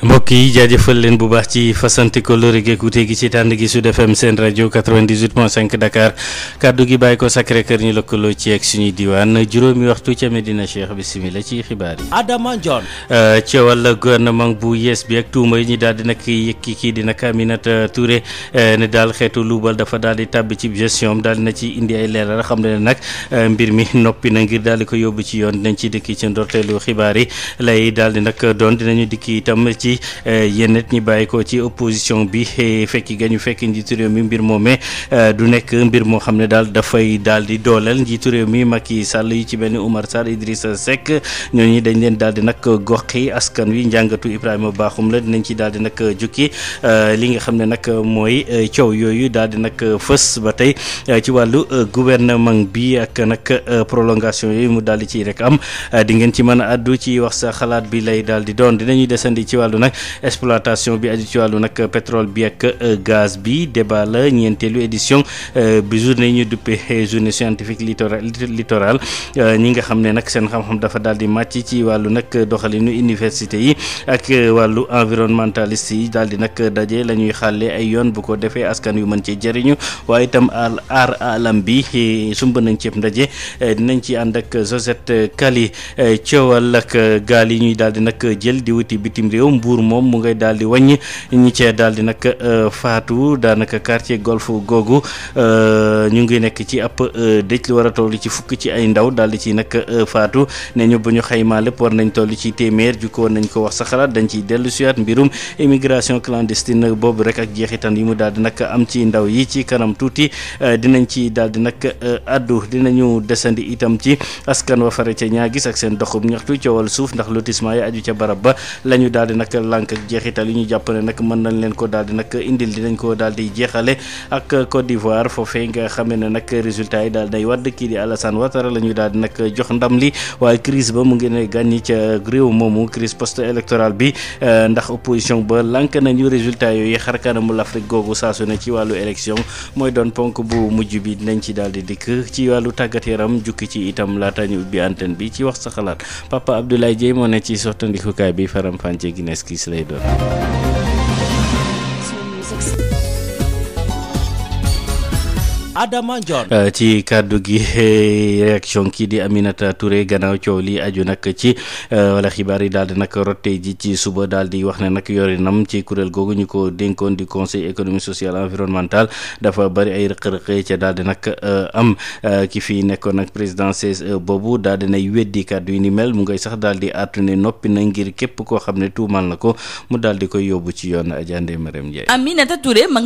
mbokk yi jaajëfal leen bu baax ci fasante ko lore gi écouté gi ci tànn gi Sud FM seen rajo 98.5 Dakar kàddu gi bàyyi ko Sacré-Cœur ñu lëkkaloo ci ak suñuy diwaan juróomi waxtu ca Medina Cheikh bisimilah ci xibaar yi. Adama Ndione. Euh, ci wàll gouvernement bu yees bi ak tuuma yi ñu daal di nag yëkki kii di nag Aminata Touré euh, ne daal xeetu luubal dafa daal di tàbb ci gestion daal na ci indi ay leeral xam ne nag euh, mbir mi noppi na ngir daal di ko yóbbu ci yoon dañ ci dikki ci ndorteelu xibaar yi ci eh, yéen it ñi bàyyi ko ci opposition bi eh, fekki ga ñu fekk njiitu réew mi mbir moomee eh, du nekk mbir moo xam ne daal dafay daal di dooleel njiitu réew mi yi sàll yi ci benn Oumar Sarr Idrissa Seck ñooñu dañ leen daal di nag goxi askan wi njàngatu Ibrahima Bakhoum la dinañ ci daal di nag jukki li nga xam ne nag mooy coow yooyu daal di nag fës ba tey ci wàllu gouvernement bi ak nag prolongation yooyu mu daal ci rek am di ci mën a addu ci wax sa xalaat wàllu nag exploitation bi aju ci wàllu nag pétrole bi ak euh, gaz bi débat ñeenteelu édition euh, bi journée ñu duppee euh, journée scientifique littoral littoral ñi nga xam ne nag seen xam-xam dafa daal di màcc ci wàllu nag doxalinu université yi ak wàllu environnementaliste yi daal di nag daje la ñuy xàlle ay yoon bu ko defee askan yu mën ci jëriñu waaye itam al aar alam bi sumb nañ ceeb ndaje dinañ ci ànd ak Josette Kali coowal ak gaal yi ñuy daal di nag jël di wuti bitim réew Mbour moom mu ngay daal di wàññi ñi cee daal di nag euh, faatu daanaka quartier golf googu euh, ñu ngi nekk ci ab euh, dëj lu war a toll ci fukk ci ay ndaw daal di ci nag faatu ne ñu bu ñu xaymaa lépp war nañ toll ci téeméer ju war nañ ko wax sa xalaat dañ ciy dellu siwaat mbirum immigration clandestine boobu rek ak jeexitan yi mu daal di nag am ci ndaw yi ci kanam tuuti dinañ ci daal di nag addu dinañu desandi itam ci askan wa fare ca ñaa gis ak seen doxub ñaxtu suuf ndax nag lànk ak jeexital yi ñu jàpp ne mën nañ leen ko daal di nag indil dinañ ko daal di jeexale ak Côte d'Ivoire foofee nga xamee ne nag résultat yi daal day wadd kii di Alassane Ouattara la ñuy jox ndam li waaye crise ba mu ngi ne gàññi ca réew moomu crise post électorale bi euh, ndax opposition ba lànk nañu résultat yooyu xar kanamul googu saasu ne ci wàllu élection mooy doon ponk bu mujj bi dinañ ci daal di dikk ci wàllu tàggat yaram jukki ci itam laata ñu ci wax sa xalaat Papa Abdoulaye Dieye kiis lay doon. Adama Ndione. Euh, ci kàddu gi réaction kii di Aminata Touré gannaaw coow li aju nag ci euh, wala xibaar yi daal di nag rottee ji ci suba daal di wax ne nag yorinam ci kuréel googu ñu ko dénkoon di conseil économique social environnemental dafa bari ay rëq-rëq ca daal di nag euh, am ki fi nekkoon nag président CSE boobu daal di nay weddi kàddu yi ni mel mu ngay sax daal di àttu ne noppi na ngir képp koo xam ne tuumal na ko mu daal di koy yóbbu ci yoon Adja Ndeye Mariam Ndiaye. ma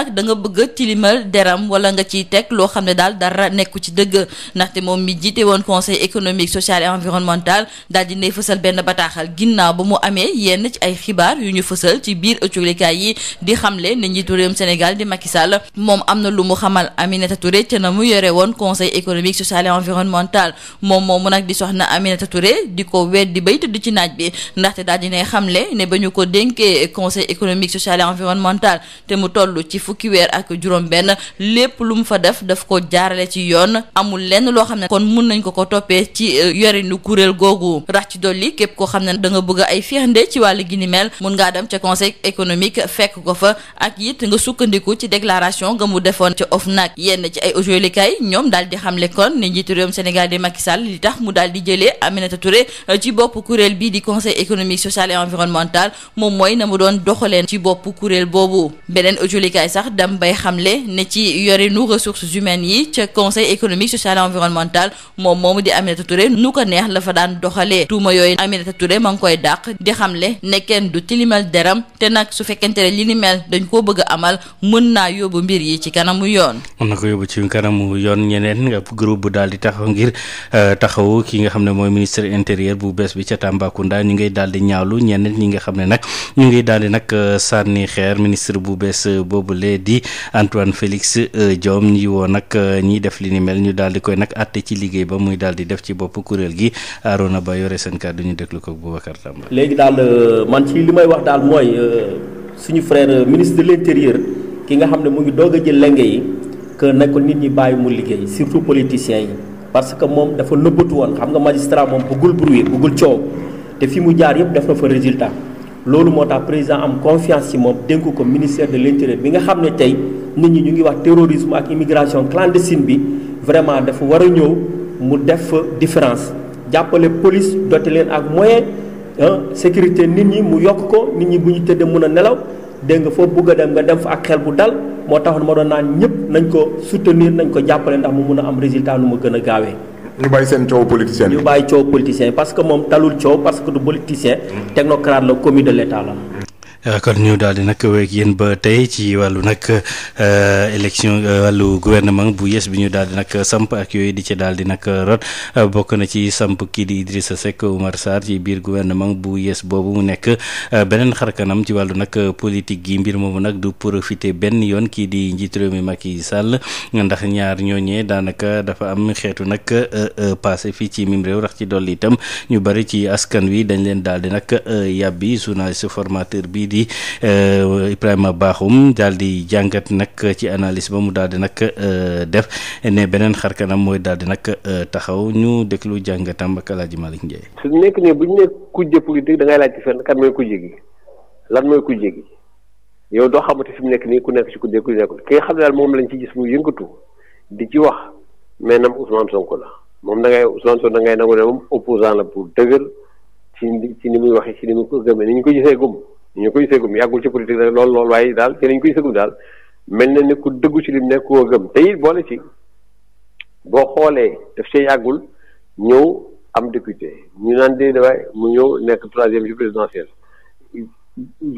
ngay tilimal deram wala nga ciy teg loo xam ne daal dara nekku ci dëgg ndaxte moom mi jiite woon conseil économique social et environnemental daal di nay fësal benn bataaxal ginnaaw ba mu amee ci ay xibaar yu ñu fësal ci biir ëcculikaay yi di xamle ne njiitu réewum Sénégal di Macky Sall moom na lu mu xamal Aminata Touré na mu yore woon conseil économique social et environnemental moom moomu nag di soxna Aminata Touré di ko weddi bay tëdd ci naaj bi ndaxte daal di nay xamle ne ba ñu ko dénkee conseil économique social et environnemental te mu toll ci fukki weer ak juróom benn na lépp lu mu fa def daf ko jaarale ci yoon amul lenn loo xam ne kon mun nañ ko ko toppee ci euh, yorinu kuréel googu rax ci dolli képp koo xam ne da nga bëgg ay firnde ci wàllu gi ni mel mun ngaa dem ca conseil économique fekk ko fa ak it nga sukkandiku ci déclaration nga mu defoon ca OFNAC yenn ci ay audiolikaay ñoom daal di xamle kon ne njiitu réewum Sénégal di Macky Sall li tax mu daal di jëlee Aminata Touré euh, ci bopp kuréel bii di conseil économique social et environnemental moom mooy na doon doxaleen ci bopp kuréel boobu beneen audiolikaay sax dam bay xamle ne ci yorinu ressources humaines yi ca conseil économique social et environnemental moom moomu di Aminata Touré nu ko neex la daan doxalee tuuma yooyu Aminata Touré ma ngi koy dàq di xamle ne kenn du tilimal deram te nag su fekkente ne li ni mel dañ koo bëgg amal mën naa yóbbu mbir yi ci kanamu yoon. mën na ko yóbbu ci kanamu yoon ñeneen nga groupe bu daal di taxaw ngir euh, taxawu ki nga xam ne mooy ministre intérieur bu bees bi ca Tambacounda ñu ngay daal di ñaawlu ñeneen ñi nga xam ne nag ñu ngi daal di nag euh, sànni xeer ministre bu bees boobule di Félix euh, Diome ñi woo nag euh, ñiy def li ni mel ñu daal di koy nag àtte ci liggéey ba muy daal di def ci bopp kuréel gi Arona Ba yore seen kàddu ñu déglu ko Boubacar Tamba. léegi daal euh, man ci li may wax daal mooy suñu frère ministre de l'intérieur ki nga xam ne mu ngi doog a jël lenge yi que nekkul nit ñi bàyyi mu liggéey surtout politiciens yi parce que moom dafa nëbbatu woon xam nga magistrat moom bëggul bruit bëggul coog te fi mu jaar yëpp def na fa résultat. loolu moo tax président am confiance ci moom dénk ko ministère de l'intérieur bi nga xam ne tey nit ñi ñu ngi wax terrorisme ak immigration clandestine bi vraiment dafa war a ñëw mu def différence jàppale police dote leen ak moyen sécurité nit ñi mu yokk ko nit ñi bu ñu tëddee mun a nelaw dégg nga foofu bugg a dem nga def fa ak xel bu dal moo tax ma doon naan ñëpp nañ ko soutenir nañ ko jàppale ndax mu mun a am résultat nu ma gën a gaawee. ñu bàyyi seen coow politicien ñu bàyyi coow politicien parce que moom talul coow parce que du politicien mm. technocrate la commis de l' la. Euh, kon ñu daal di nag weeg yéen ba tey ci wàllu nag euh, élection euh, wàllu gouvernement bu yes bi ñu daal di nag samp ak yooyu di ci daal di nag bokk na ci samp kii di Idrissa Seck Oumar Sarr ci biir gouvernement bu yes boobu mu nekk beneen xarkanam ci wàllu nag politique gi mbir moomu nag du profiter benn yoon kii di njiit réew mi Macky Sall ndax ñaar ñooñee daanaka dafa am xeetu nag passé fii ci mim réew rax ci dolli itam ñu bari ci askan wi dañ leen daal di nag yàbbi journaliste di eh, Ibrahima Bakhoum daal di jàngat nag ci analise ba mu daal di nag eh, def ne beneen xar kanam mooy daal di nag eh, taxaw ñu déglu jàngatam ak El Hadj Malick su nekk nii bu ñu nekk kujje politique da ngay laaj ci fenn kan mooy kujje gi gi yow doo xamante fi mu nekk nii ku nekk ci kujje ku nekkul ki moom lañ ci gis mu yëngatu di ci wax mais nam Ousmane Sonko la moom da ngay Ousmane Sonko da ngay nangu ne moom opposant la pour dëgër ci ci ni muy waxee ci ni muy ko gëmee ni ñu ñu koy ségum yàggul ci politique nag lool lool waaye daal ci lañ koy ségum daal mel na ne ku dëggu ci lim nekk koo gëm tey boole ci boo xoolee daf see yàggul ñëw am député ñu naan dee dafay mu ñëw nekk troisième ci présidentielle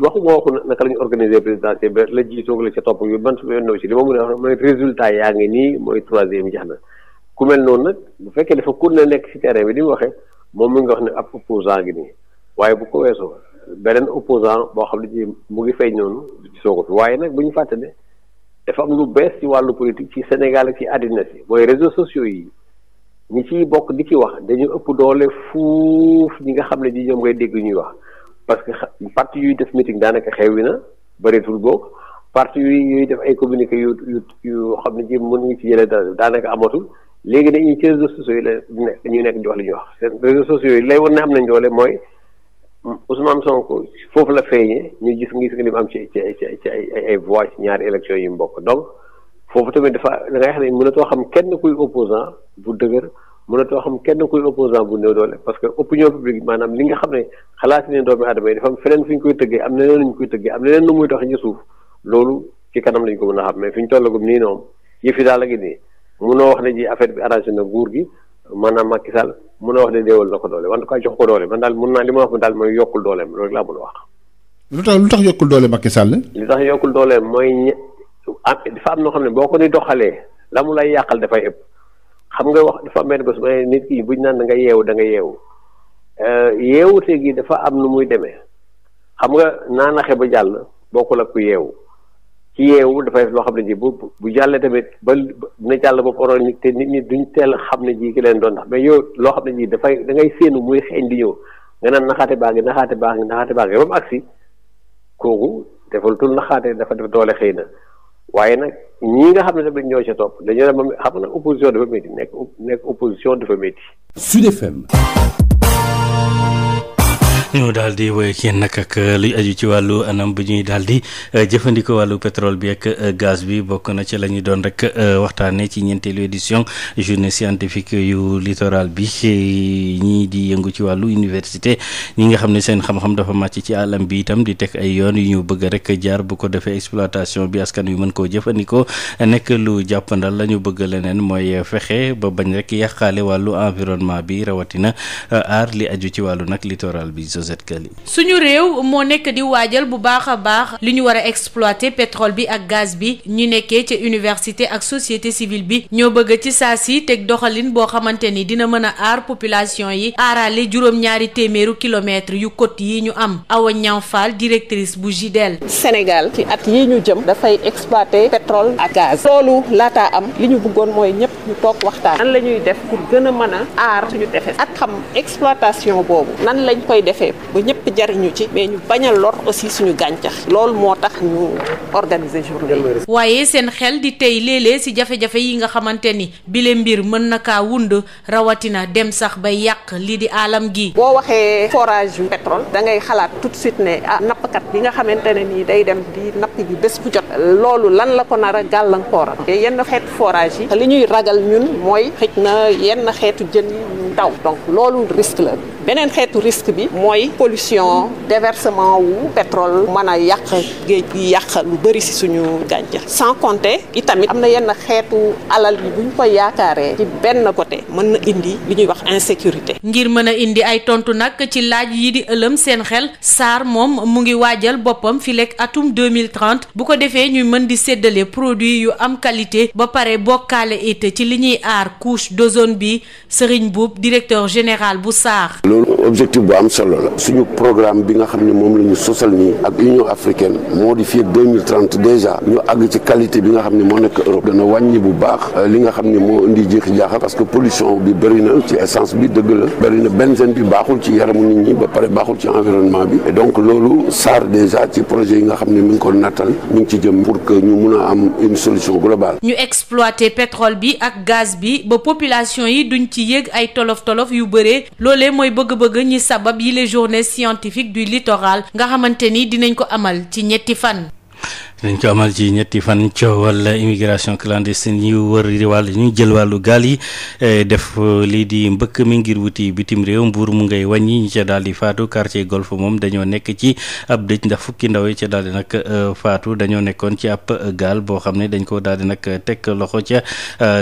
waxu ma waxu naka la ñu organiser présidentielle ba la jiitoog la ca topp yu man suma yoon naw ci li ma mën a wax mooy résultat yaa ngi nii mooy troisième jax na ku mel noonu nag bu fekkee dafa ku na nekk ci terrain bi di mu waxee moom mi nga wax ne ab opposant ngi nii waaye bu ko beneen opposant boo xam ne ci mu ngi feeñ noonu gisoo fi waaye nag bu ñu fàttali dafa am lu bees ci wàllu politique ci Sénégal ak ci àddina si mooy réseaux sociaux yi ñi ciy bokk di ci wax dañu ëpp doole fuuf ñi nga xam ne di ñoom ngay dégg ñuy wax parce que parti yuy def meeting daanaka xewwi na bëreetul book parti yu yuy def ay communiqué yu yu xam ne ci mën ngi ci jëlee dara daanaka amatul léegi ñu ci réseaux sociaux yi la ñu nekk di wax li ñuy wax seen réseaux am nañ doole mooy Ousmane Sonko foofu la feeñee ñu gis nga gis li mu am ci ci ci ci ay ay voix ñaari élection yi mu bokk donc foofu tamit dafa da ngay xam ne mënatoo xam kenn kuy opposant bu dëgër xam kenn kuy opposant bu néew doole parce que opinion publique maanaam li nga xam ne xalaat ne doomu aadama am feneen fu ñu koy tëggee am na leneen koy tëggee am na leneen nu muy doxee ci suuf loolu ci kanam lañ ko a xam mais fi ñu tollagum nii noonu yëf yi daal la wax ne ji affaire bi arrangé na nguur gi maanaam Macky Sall mun a wax ne néewal na ko doole en tout cas jox ko doole man daal mun naa li ma wax daal mooy yokkul dooleem loolu laa mun a wax. lu tax lu tax yokkul doole li tax yokkul dooleem mooy ña ah, dafa am noo xam ne boo ko ni doxalee la mu lay yàqal dafay ëpp xam nga wax dafa am benn bés bu nit ki buñ naan da nga yeewu da nga yeewu eh, yeewute gi dafa am nu muy demee xam nga naa naxe ba jàll bokkul ak ku yeewu. ci yeewu dafay loo xam ne ji bu bu jàllee tamit ba dina jàll ba poro te nit ñi duñ teel xam ne ji ki leen doon ndax mais yow loo xam ne ji dafay da ngay séenu muy xeeñ di ñëw nga naan naxaate baa ngi naxaate baa ngi naxaate baa ngi ba mu agsi kooku defal tul naxaate dafa def doole xëy na waaye nag ñii nga xam ne tamit ñoo ca topp dañoo dem xam nga opposition dafa métti nekk nekk opposition dafa métti. Sud FM. ñu daal di woy kenn nag ak euh, luy aju ci wàllu anam bu ñuy daal di euh, jëfandikoo wàllu pétrole bi ak euh, gaz bi bokk na ci la ñu doon rek waxtaanee ci ñeenteelu édition journée scientifique yu littoral bi ñii di yëngu ci wàllu université ñi nga xam ne seen xam-xam dafa màcc ci àllam bi itam di teg ay yoon yu ñu bëgg rek jaar bu ko defee exploitation bi askan wi mën koo jëfandikoo nekk lu jàppandal la ñu bëgg leneen mooy fexe ba bañ rek yàqaale wàllu environnement bi rawatina aar li aju ci wàllu nag littoral bi. Josette Kali suñu réew moo nekk di waajal bu baax a baax li ñu war a exploiter bi ak gaz bi ñu nekkee ca université ak société civile bi ñoo bëgg ci saa si teg doxalin boo xamante ni dina mën a aar population yi aarale juróom-ñaari téeméeru kilomètres yu côte yi ñu am Awa Niang Fall directrice bu JIDEL. Sénégal ci at yi ñu jëm dafay exploité pétrole ak gaz loolu laataa am li ñu bëggoon mooy ñëpp ñu toog waxtaan nan la ñuy def pour gën a mën a aar suñu tefes ak xam lépp ba ñëpp jariñu ci mais ñu bañ a lor aussi suñu gàncax loolu moo tax ñu organiser journée yi. waaye seen xel di tey léeg-léeg si jafe-jafe yi nga xamante ni bile mbir mën na kaa wund rawatina dem sax ba yàq lii di alam gi. boo waxee forage yu pétrole da ngay xalaat tout sit ne ah nappkat bi nga xamante ne nii day dem di napp gi bés bu jot. loolu lan la ko nar a gàllankooral. yenn xeetu forage yi. li ñuy ragal ñun mooy xëj na yenn xeetu jën yi. daw donc loolu risque la beneen xeetu risque bi mooy pollution déversement wu pétrole mën a yàq géej gi yàq lu bëri si suñu gàncax sans compter itamit am na yenn xeetu alal yi bu ñu ko yaakaaree ci benn côté mën na indi li ñuy wax insécurité ngir mën a indi ay tontu nag ci laaj yi di ëlëm seen xel Sarr moom mu ngi waajal boppam fileeg atum 2030 bu ko defee ñuy mën di séddale produit yu am qualité ba pare bokkaale it ci li ñuy aar couche d'ozone bi Serigne directeur général bu SAR. loolu objectif bu am solo la suñu programme bi nga xam ne moom la ñu sosal nii ak Union africaine moo xam ne moo nekk Europe dana wàññi bu baax euh, li nga xam ne moo indi jeexi jaaxa parce que pollution bi bëri ci essence bi dëgg la bëri na bi baaxul ci yaramu nit ñi ba pare baaxul ci environnement bi et donc loolu SAR déjà ci projet yi nga xam ne mi ngi ko nattal mi ngi ci jëm pour que ñu mun a am une solution globale. ñu exploiter pétrole ba population yi duñ ci tolof-tolof yu bëree loole mooy bëgg-bëgg ñi sabab yi les journées scientifiques du littoral nga xamante ni dinañ ko amal ci ñetti fan dañ ko amal ci ñetti fan coowal immigration clandestine ñu wër wàllu ñu jël wàllu gaal yi eh, def eh, lii di mbëkk mi ngir wuti bitim réew mbuur mu ngay wàññi ñu ca daal di faatu quartier golf moom dañoo nekk ci ab dëj ndax fukki ndaw yi ca daal di nag eh, faatu dañoo nekkoon ci ab gaal boo xam ne dañ ko daal di nag teg loxo ca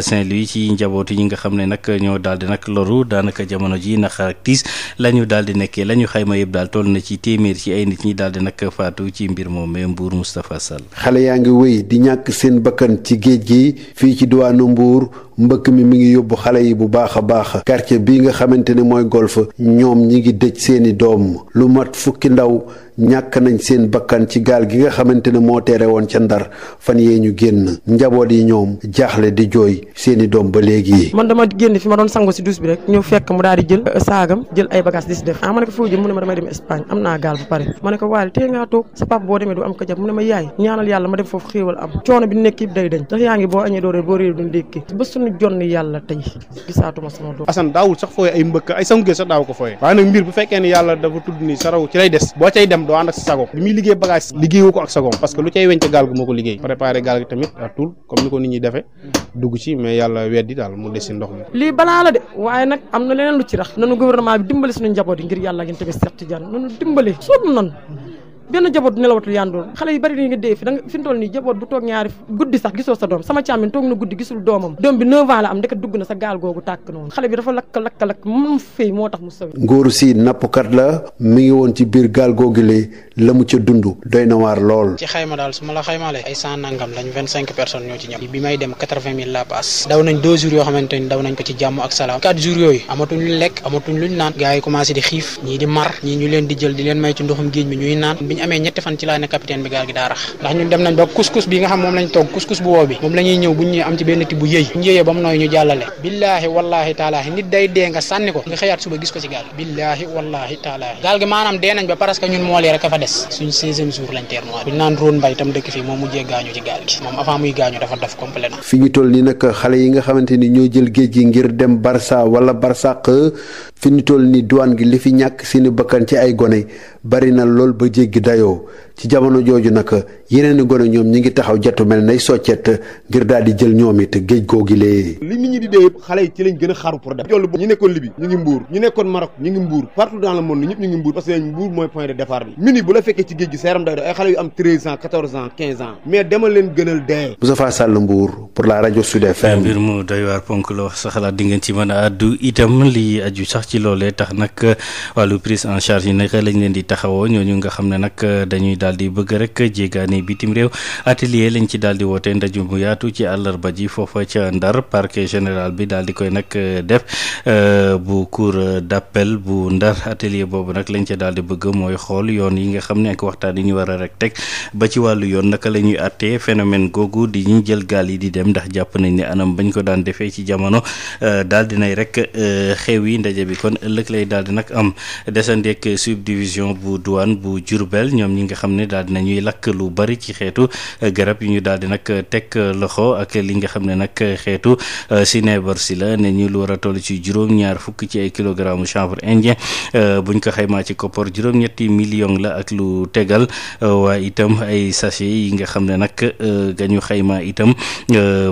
Saint-Louis ci njabootu yi nga xam ne nag ñoo daal di nag loru daanaka jamono ji naxaar ak tiis la daal di nekkee la ñu xayma yëpp daal toll na ci téeméer ci ay nit ñi daal di nag faatu ci mbir moom Mbour Moustapha xale yaa ngi wéy di ñàkk seen bakkan ci géej gi fii ci diwaanu mbuur mbëkk mi mi ngi yóbbu xale yi bu baax a baax quartier bii nga xamante ne mooy golf ñoom ñi ngi dëj seeni doom lu mat fukki ndaw ñàkk nañ seen bakkan ci gaal gi nga xamante ne moo teere woon ca ndar fan yee ñu génn njaboot yi ñoom jaaxle di jooy seeni doom ba léegi. man dama génn fi ma doon bi rek fekk mu daal di euh, ah, sa pap boo demee du am ko jàpp mu ne ma yaay ñaanal yàlla ma dem foofu xéewal am coono bi nekk yëpp day dañ ndax yaa ngi boo añee doo boo réer du ndékki ba suñu jonn yàlla tey gisaatuma sama doom Assane daawul sax fooye ay mbëkk ay sangu sax daaw ko fooye waaye nag mbir bu fekkee ne doo ànd ak sa sago bi muy liggéey bagage liggéeyu ko ak sagoom parce que lu cay weñ ca gaal gi moo ko liggéey préparé gaal tamit à tout comme ni ko nit ñi defee dugg ci mais yàlla weddi daal mu des si ndox mi lii balaa de waaye nag am na leneen lu ci rax nanu gouvernement bi dimbali suñu njaboot yi ngir yàlla ngeen tamit Cheikh Tidiane nanu dimbali sonn nan benn jaboot du nelawatul yandoor xale yu bari dañu nga dee fi da nga fi mu nii jaboot bu toog ñaari guddi sax gisoo sa doom sama càmmin toog na guddi gisul doomam doom bi 9 am ndeke dugg na sa gaal googu tàkk noonu xale bi dafa lakk lakk lakk mu fay moo tax mu sawi ngóoru si nappkat la mi ngi woon ci biir gaal googu lee la ca dund doy na waar lool. ci xayma daal su ma la xaymaalee. ay cent nangam lañ vingt cinq personnes ñoo bi may dem quatre vingt mille la daw nañ deux jours yoo xamante daw nañ ko ci jàmm ak salaam. quatre jours yooyu amatuñ lekk amatuñ luñ naan. bi ñu amee ñetti fan ci laa ne capitaine bi gaal gi daa ndax ñun dem nañ ba couscous bi nga xam moom lañ togg couscous bu woo bi moom la ñëw bu ñu am ci benn ti yëy ñu yëyee ba mu ñu des suñ seizième jour lañ teer noir bi naan róon mbay tam dëkk fii moom mujjee gaañu ci gaal gi moom avant muy gaañu dafa daf complètement fi ñu toll nii nag xale yi nga xamante ni ñoo jël géej gi ngir dem barça wala barsaq fi ñu toll nii douane gi li fi ñàkk seeni bakkan ci ay gone bari na lool ba jéggi dayoo ci jamono jooju nag yeneen i gone ñoom ñi ngi taxaw jatu mel nay soccet ngir daal di jël ñoom it géej googi lee. li nit ñi di dee yëpp xale yi ci lañ gën xaru pour dem. ñu nekkoon Libye ñu ngi Mbuur ñu nekkoon Maroc ñu ngi Mbuur partout dans le monde ñëpp ñu ngi Mbuur parce que bu la fekkee ci géej gi seeram day doon ay xale yu am 13 ans leen gënal dee. Moustapha Sall la rajo Sud FM. mbir mu doy waar ponk la wax di ngeen ci mën a addu itam li aju sax wax ci loolee tax nag euh, wàllu prise en charge yi naka lañ leen di taxawoo ñooñu nga xam ne nag euh, dañuy daal di bëgg rek jéegaani bitim réew atelier lañ ci daal di woote ndaje mu yaatu ci àllarba ji foofa ca Ndar parquet général bi daal di koy nag euh, def bu cour d'appel bu Ndar atelier boobu nag lañ ca daal di bëgg mooy xool yoon yi nga xam ne ak waxtaan yi ñu war a rek teg ba ci wàllu yoon naka la ñuy àttee phénomène googu di ñu jël gaal yi di dem ndax jàpp nañ ne anam bañ ko daan defee ci jamono daal dinay rek xew yi ndaje bi kon ëllëg lay daal di nag am desandeek subdivision bu duwaan bu Diourbel ñoom ñi nga xam ne daal di nañuy lakk lu bari ci xeetu euh, garab yu ñu daal di nag teg loxo ak li nga xam ne nag xeetu sinébar euh, si la ne ñu lu war a toll ci juróom-ñaar fukk ci ay kilogramme chanvre indien euh, buñ ko xaymaa ci koppar juróom-ñetti million la ak lu tegal waaye itam ay sachet yi nga xam ne nag gañu xaymaa itam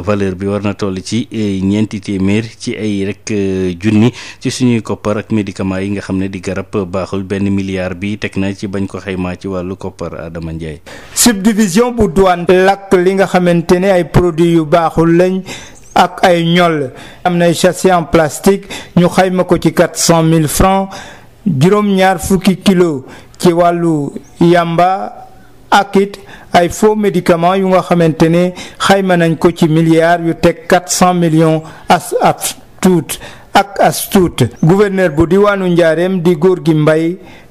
valeur bi war na toll ci ñeenti téeméer ci ay rek junni ci suñuy koppar koppar ak médicaments yi nga xam ne di garab baaxul benn milliard bi teg na ci bañ ko xaymaa ci wàllu koppar Adama Ndiaye. subdivision bu douane lakk li nga xamante ne ay produits yu baaxul lañ. ak ay ñoll am na sachet en plastique ñu xayma ko ci quatre cent mille francs juróom-ñaar fukki kilo ci wàllu yamba ak ay faux médicaments yu nga xamante ne xayma nañ ko ci milliards yu teg quatre cent millions as tuut ak as tuut gouverneur bu diwaanu njaareem di góor gi mbay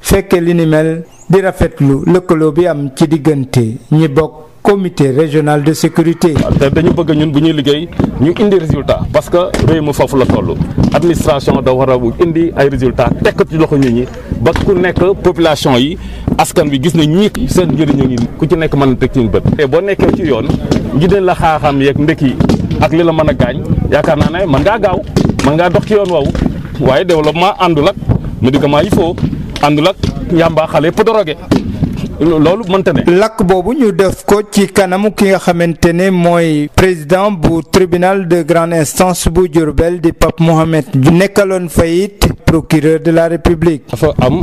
fekke li ni mel di rafetlu lëkkaloo bi am ci diggante ñi bokk comité régional de sécurité. te dañu bëgg ñun bu ñuy liggéey ñu indi résultat parce que réew mi foofu la toll administration da war a indi ay résultat tekk ci loxo nit ñi ba ku nekk population yi askan bi gis na ñii seen njëriñu ngi ku ci nekk mën na teg ci bët. te boo nekkee ci yoon ngi leen la xaaxam yeeg ndekki ak li la mën a gaañ mën ngaa dox ci yoon woowu waaye développement àndul ak médicament yi foo àndul ak yàmbaa xale pour drogué loolu mënta ne. lakk boobu ñu def ko ci kanamu ki nga xamante ne mooy président bu tribunal de grande instance bu Diourbel di Pape Mohamed nekkaloon fa it procureur de la république. dafa am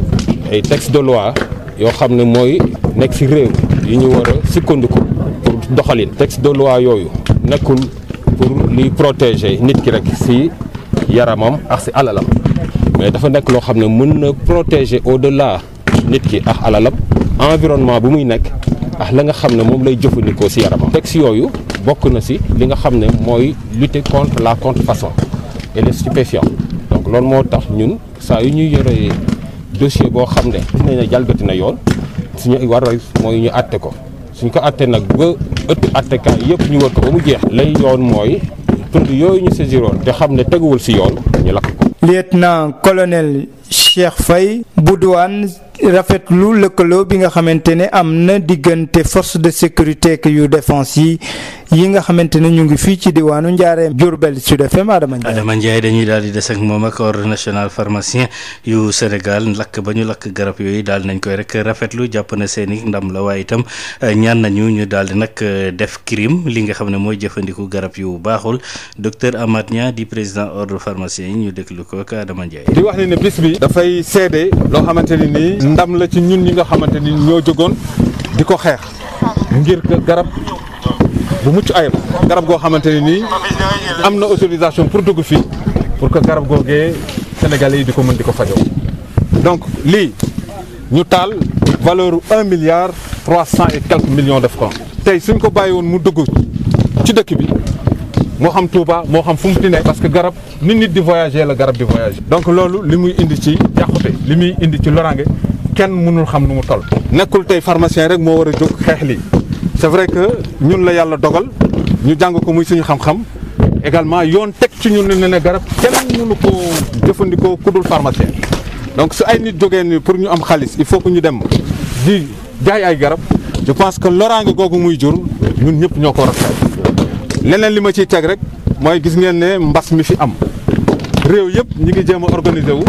ay texte de loi yoo xam ne mooy nekk ci réew yi ñu war a sukkandiku pour doxalin. texte de loi yooyu nekkul pour luy protéger nit ki rek ci. yaramam ak si alalam mais dafa nekk loo xam ne mën na protéger au delà nit ki ak alalam environnement bu muy nekk ak la nga xam ne moom lay jëfandikoo si yaramam. texte yooyu bokk na si li nga xam ne mooy lutter contre la contrefaçon et les stupéfiants donc loolu moo tax ñun saa yu ñuy yoree dossier boo xam ne dinañ ne jalgati na yoon suñu war mooy ñu àtte ko suñ ko àtte nag ba ëtt àttekaay yëpp ñu wër ko ba mu jeex. lay yoon mooy. tund yooyu ñu saisiroon te xam ne teguwul ci yoon ñu lakk ko lieutenant colonel Cheikh Faye bu douane rafetlu lëkkaloo bi nga xamante ne am na diggante force de sécurité ak yu défense yi yi nga xamante ne ñu ngi fii ci diwaanu Njaareem Diourbel Sud FM Adama Ndiaye. Adama Ndiaye dañuy daal di des ak moom ak ordre national pharmacien yu Sénégal lakk ba ñu lakk garab yooyu daal nañ koy rek rafetlu jàpp na seen i ndam la waaye itam eh, ñaan nañu ñu daal di nag eh, def crime li nga xam ne mooy jëfandiku garab yu baaxul docteur Amath Niang di président ordre pharmacien yi ñu déglu ko ndam la ci ñun ñi nga xamante ni ñoo jógoon di ko xeex ngir garab bu mucc ayib garab goo xamante ne nii am na autorisation pour dugg fii pour que garab googee Sénégalais yi di ko mën di ko fajoo donc lii ñu taal valeur un milliard trois cent et quelques millions de francs tey suñ ko bàyyi woon mu dugg ci dëkk bi moo xam Touba moo xam fu mu ti ne parce que garab nit nit di voyager la garab di voyager donc loolu li muy indi ci yàqute li muy indi ci loraange kenn mënul xam nu mu toll. nekkul tey pharmacien rek moo war a jóg xeex lii c'est vrai que ñun la yàlla dogal ñu jàng ko muy suñu xam-xam également yoon teg ci ñun ne ne garab kenn mënu ko jëfandikoo ku dul pharmacien donc su ay nit jógee ni pour ñu am xaalis il faut que ñu dem di jaay ay garab je pense que loraange googu muy jur ñun ñëpp ñoo ko war a leneen li ma ciy teg rek mooy gis ngeen ne mbas mi fi am réew yëpp ñu ngi jéem a wu.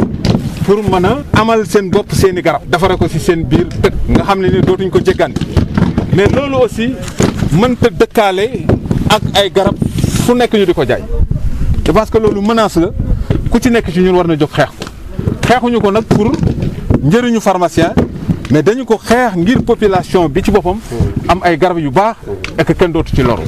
pour mën a amal seen bopp seen i garab defare ko si seen biir tëkk nga xam ne ni dootuñu ko jéggaan mais loolu aussi mënta dëkkaale ak ay garab fu nekk ñu di ko jaay te pense que loolu menace la ku ci nekk ci ñun war na jóg xeex ko xeexuñu ko nag pour njëriñu pharmacien mais dañu ko xeex ngir population bi ci boppam am ay garab yu baax et kenn dootu ci loru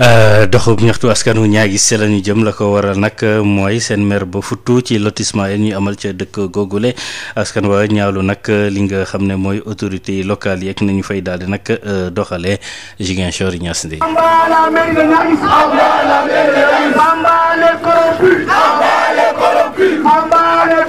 Euh, doxub ñaxtu askan wu ñaagi se la ñu jëm la ko waral nag euh, mooy seen mer ba futtu ci lotissement yi ñuy amal ca dëkk googule askan wa ñaawlu nag euh, li nga xam ne mooy autorités locales yeeg nañu fay daal di nag doxalee Ziguinchor Niass Ndeye. Bamba le corrompu. Bamba le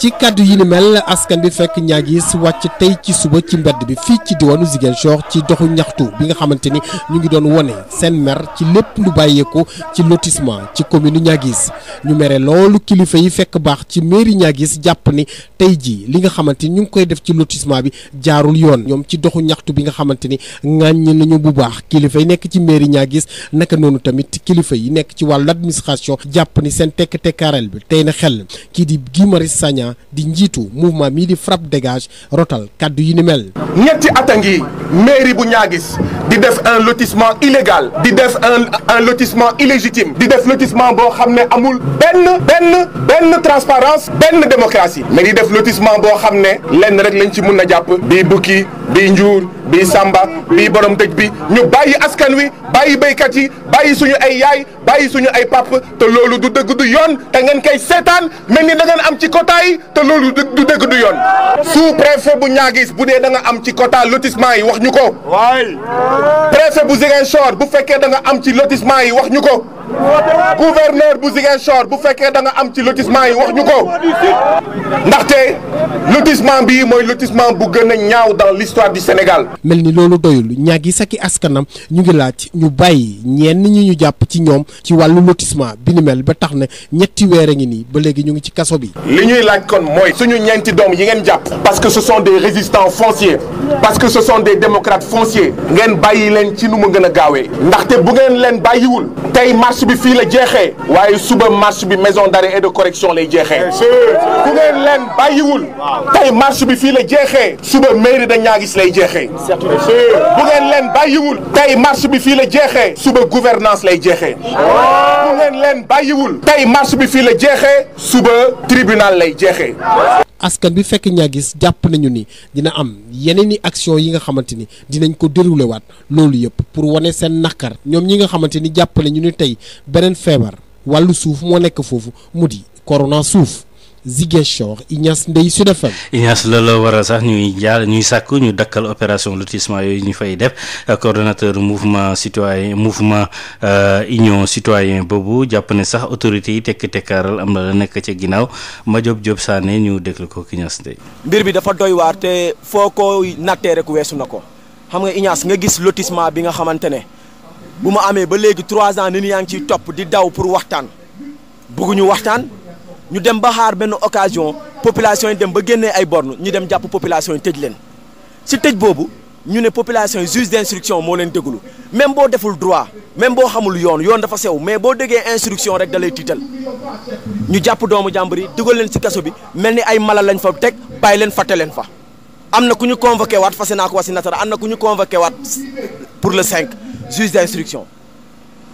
ci kàddu yi ni mel askan bi fekk ñaagis wàcc tey ci suba ci mbedd bi fii ci diwaanu Ziguinchor ci doxu ñaxtu bi nga xamante ni ñu ngi doon wone seen mer ci lépp lu bàyyeeku ci lotissement ci commune ñaagis ñu mere loolu kilifa yi fekk baax ci mairie ñaagis jàpp ni tey jii li nga xamante ni ñu ngi koy def ci lotissement bi jaarul yoon ñoom ci doxu ñaxtu bi nga xamante ni ŋàññ nañu bu baax kilifa yi nekk ci mairie ñaagis naka noonu tamit kilifa yi nekk ci wàllu administration jàpp ni seen tekk bi tey na xel Niang di njiitu mouvement mii di FRAPP dégage rotal kaddu yi ni mel. ñetti at ngi mairie bu ñaagis di def un lotissement illégal di def un un lotissement illégitime di def lotissement boo xam ne amul benn benn benn transparence benn démocratie mais di def lotissement boo xam ne lenn rek lañ ci mën a jàpp bii bukki bii njuur bii samba bii borom dëj bi ñu bàyyi askan wi bàyyi béykat yi bàyyi suñu ay yaay bàyyi suñu ay pap te loolu du dëgg du yoon yi te loolu du dëgg du yoon sous préfet bu ñaagis bu dee danga am ci quota lotissement yi wax ñu ko préfet bu Ziguinchor bu fekkee danga am ci lotissement yi wax ñu ko gouverneur bu Ziguinchor bu fekkee da am ci lotissement yi wax ñu ko ndaxte lotissement bi mooy lotissement bu gën a ñaaw dans l'histoire di Sénégal mel ni loolu doyul ñaag yi i askanam ñu ngi laaj ñu bàyyi ñenn ñi ñu jàpp ci ñoom ci wàllu lotissement bi ni mel ba tax na ñetti weer a ngi nii ba léegi ñu ngi ci kaso bi li ñuy laaj kon mooy suñu ñeenti doom yi ngeen jàpp parce que ce sont des résistants fonciers parce que ce sont des démocrates fonciers ngeen bàyyi leen ci nu mu gën a gaawee ndaxte bu ngeen leen bàyyiwul tey marche bi fii la jeexee waaye suba marche bi maison d'arrêt et de correction lay jeexe bu ngeen leen bàyyiwul tey marche bi fii la jeexee suba mairie da ñaagis lay jeexee bu leen bàyyiwul tey marche bi fii la jeexee suba gouvernance lay jeexee bu bàyyiwul tey marche bi fii la jeexee suba tribunal lay jeexee askan bi fekk gis jàpp nañu ni dina am yeneen i action yi nga xamante ni dinañ ko déroulé waat loolu yëpp pour wane seen naqar ñoom ñi nga xamante ni jàpp nañu ni tey beneen feebar wàllu suuf moo nekk foofu mu di corona suuf. Ziguinchor Ignace Ndeye Sud FM. Ignace la la war a sax ñuy jaal ñuy sàkk ñu dakkal opération lotissement yooyu ñu fay def coordonnateur mouvement citoyen mouvement euh, union citoyen boobu jàpp ne sax autorité yi tekk tekkaaral am na la nekk ca ginnaaw Madiop Diop Sané ñu déglu ko Ignace Ndeye. mbir bi dafa doy waar te foo ko nattee rek weesu na ko xam nga Ignace nga gis lotissement bi nga xamante ne bu ma amee ba léegi trois ans nit yaa ngi ciy topp di daw pour waxtaan bëgguñu waxtaan. ñu dem ba xaar benn occasion population yi dem ba génnee ay bornes ñu dem jàpp population yi tëj leen si tëj boobu ñu ne population yi juge d'instruction moo leen déglu même boo deful droit même boo xamul yoon yoon dafa sew mais boo déggee instruction rek da lay tiital ñu jàpp doomu jàmbur yi dugal leen si kaso bi mel ni ay mala lañ fa teg bàyyi leen fàtte leen fa. am na ku ñu convoqué waat fase naa ko wasi nasara am na ku ñu convoqué waat pour le 5 juge d'instruction.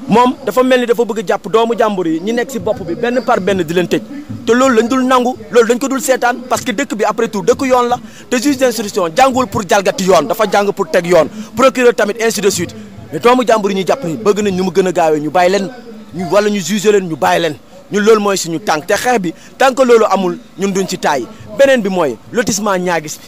moom dafa mel ni dafa bëgg jàpp doomu jàmbur yi ñi nekk si bopp bi benn par benn di leen tëj te loolu lañ dul nangu loolu dañ ko dul seetaan parce que dëkk bi après tout dëkk yoon la te juge d'instruction jàngul pour jalgati yoon dafa jàng pour teg yoon procureur tamit ainsi de suite doomu jàmbur yi ñuy jàpp ni bëgg nañ ñu mu gën a gaawee ñu bàyyi leen ñu wala leen ñu bàyyi leen ñun loolu mooy suñu tànk te xeex bi tant que loolu amul ñun duñ ci taay beneen bi mooy lotissement ñaagis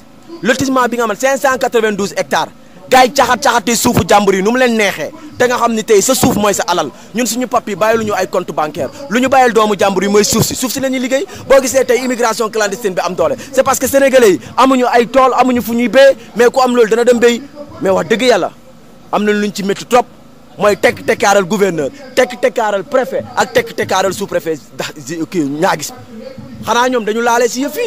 bi bi nga xam ne 592 hectares gars yi caxat-caxatee suufu jàmbur yi nu mu leen neexee te nga xam ni tey sa suuf mooy sa alal ñun suñu pap yi bàyyi lu ñu ay compte bancaire lu ñu bàyyil doomu jàmbur yi mooy suuf si suuf si la ñuy liggéey boo gisee tey immigration clandestine bi am doole c'est parce que sénégalais yi amuñu ay tool amuñu fu ñuy béy mais ku am loolu dana dem béy mais wax dëgg yàlla am na lu ñu ci métti trop mooy tekk tekkaaral gouverneur tekk tekkaaral préfet ak tekk tekkaaral sous préfet da kii ñaa gis xanaa ñoom dañu laale si yëf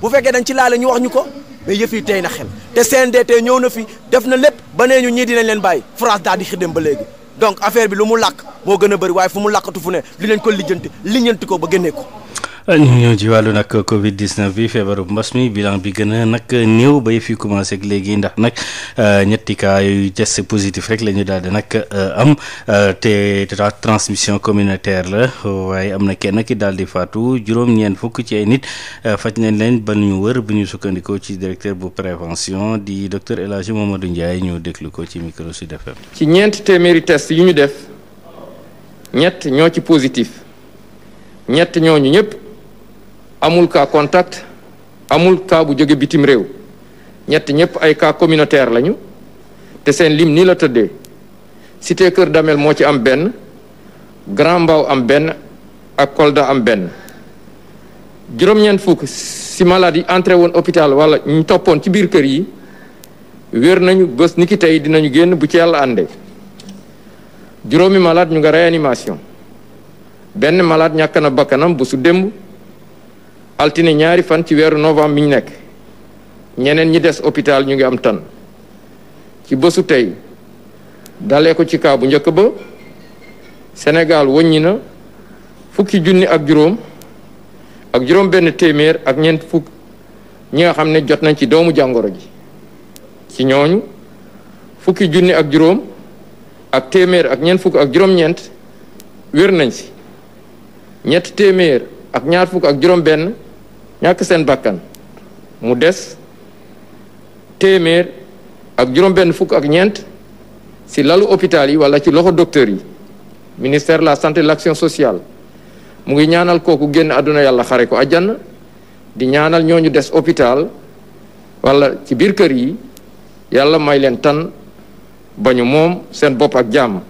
bu fekkee dañ ci laale ñu wax ñu ko mais yëf tey na xel te CNDT ñëw na fi def na lépp ba nee ñu ñii dinañ leen bàyyi France daal di xidem ba léegi donc affaire bi lu mu làkk moo gën a bëri waaye fu mu làkkatu fu ne dinañ ko lijjanti lijjanti ko ba génnee ko ñu ñëw ci wàllu nag Covid 19 bi feebaru mbas mi bilan bi gën a nag néew ba yëf yi commencé léegi ndax nag euh, ñetti cas yu test positif rek la ñu daal di nag euh, am euh, te transmission communautaire la waaye am na kenn ki daal di faatu juróom-ñeent fukk ci ay nit faj nañ leen ba nu wër bu ñu sukkandikoo ci directeur bu prévention di docteur El Hadji Mamadou Ndiaye ñu déglu ko ci micro Sud FM. ci ñeent téeméeri test yu ñu def ñett ñoo ci positif ñett ñooñu ñëpp. amul cas contact amul cas bu jóge bitim réew ñett ñëpp ay cas communautaire lañu te seen lim nii la tëddee cité Kër Damel moo ci am benn Grand Mbao am benn ak Kolda am benn juróom-ñeent entré woon hôpital wala ñu toppoon ci biir kër yi wér nañu bés ni tey dinañu génn bu ci yàlla àndee juróomi malade ñu nga réanimation benn malade ñàkk na bakkanam bu su démb altine ñaari fan ci weeru novembre mi ñu nekk ñeneen ñi des hôpital ñu ngi am tan ci bësu tey dalee ko ci kaa bu njëkk ba senegal wëññi na fukki junni ak juróom ak juróom téeméer ak ñeent fukk nga xam ne jot nañ ci doomu jàngoro ji ci ñooñu fukki junni ak juróom ak téeméer ak ñeent fukk ak juróom wér nañ si ñett téeméer ak ñaar fukk ak juróom benn ñàkk seen bakkan mu des téeméer ak juróom-benn fukk ak ñeent ci lalu hôpital yi walla ci loxo docteur yi ministère de la santé et de l'action sociale mu ngi ñaanal kooku génn àdduna yàlla xare ko àjjana di ñaanal ñoo ñu des hôpital walla ci biir kër yi yàlla may leen tan bañu moom seen bopp ak jàmm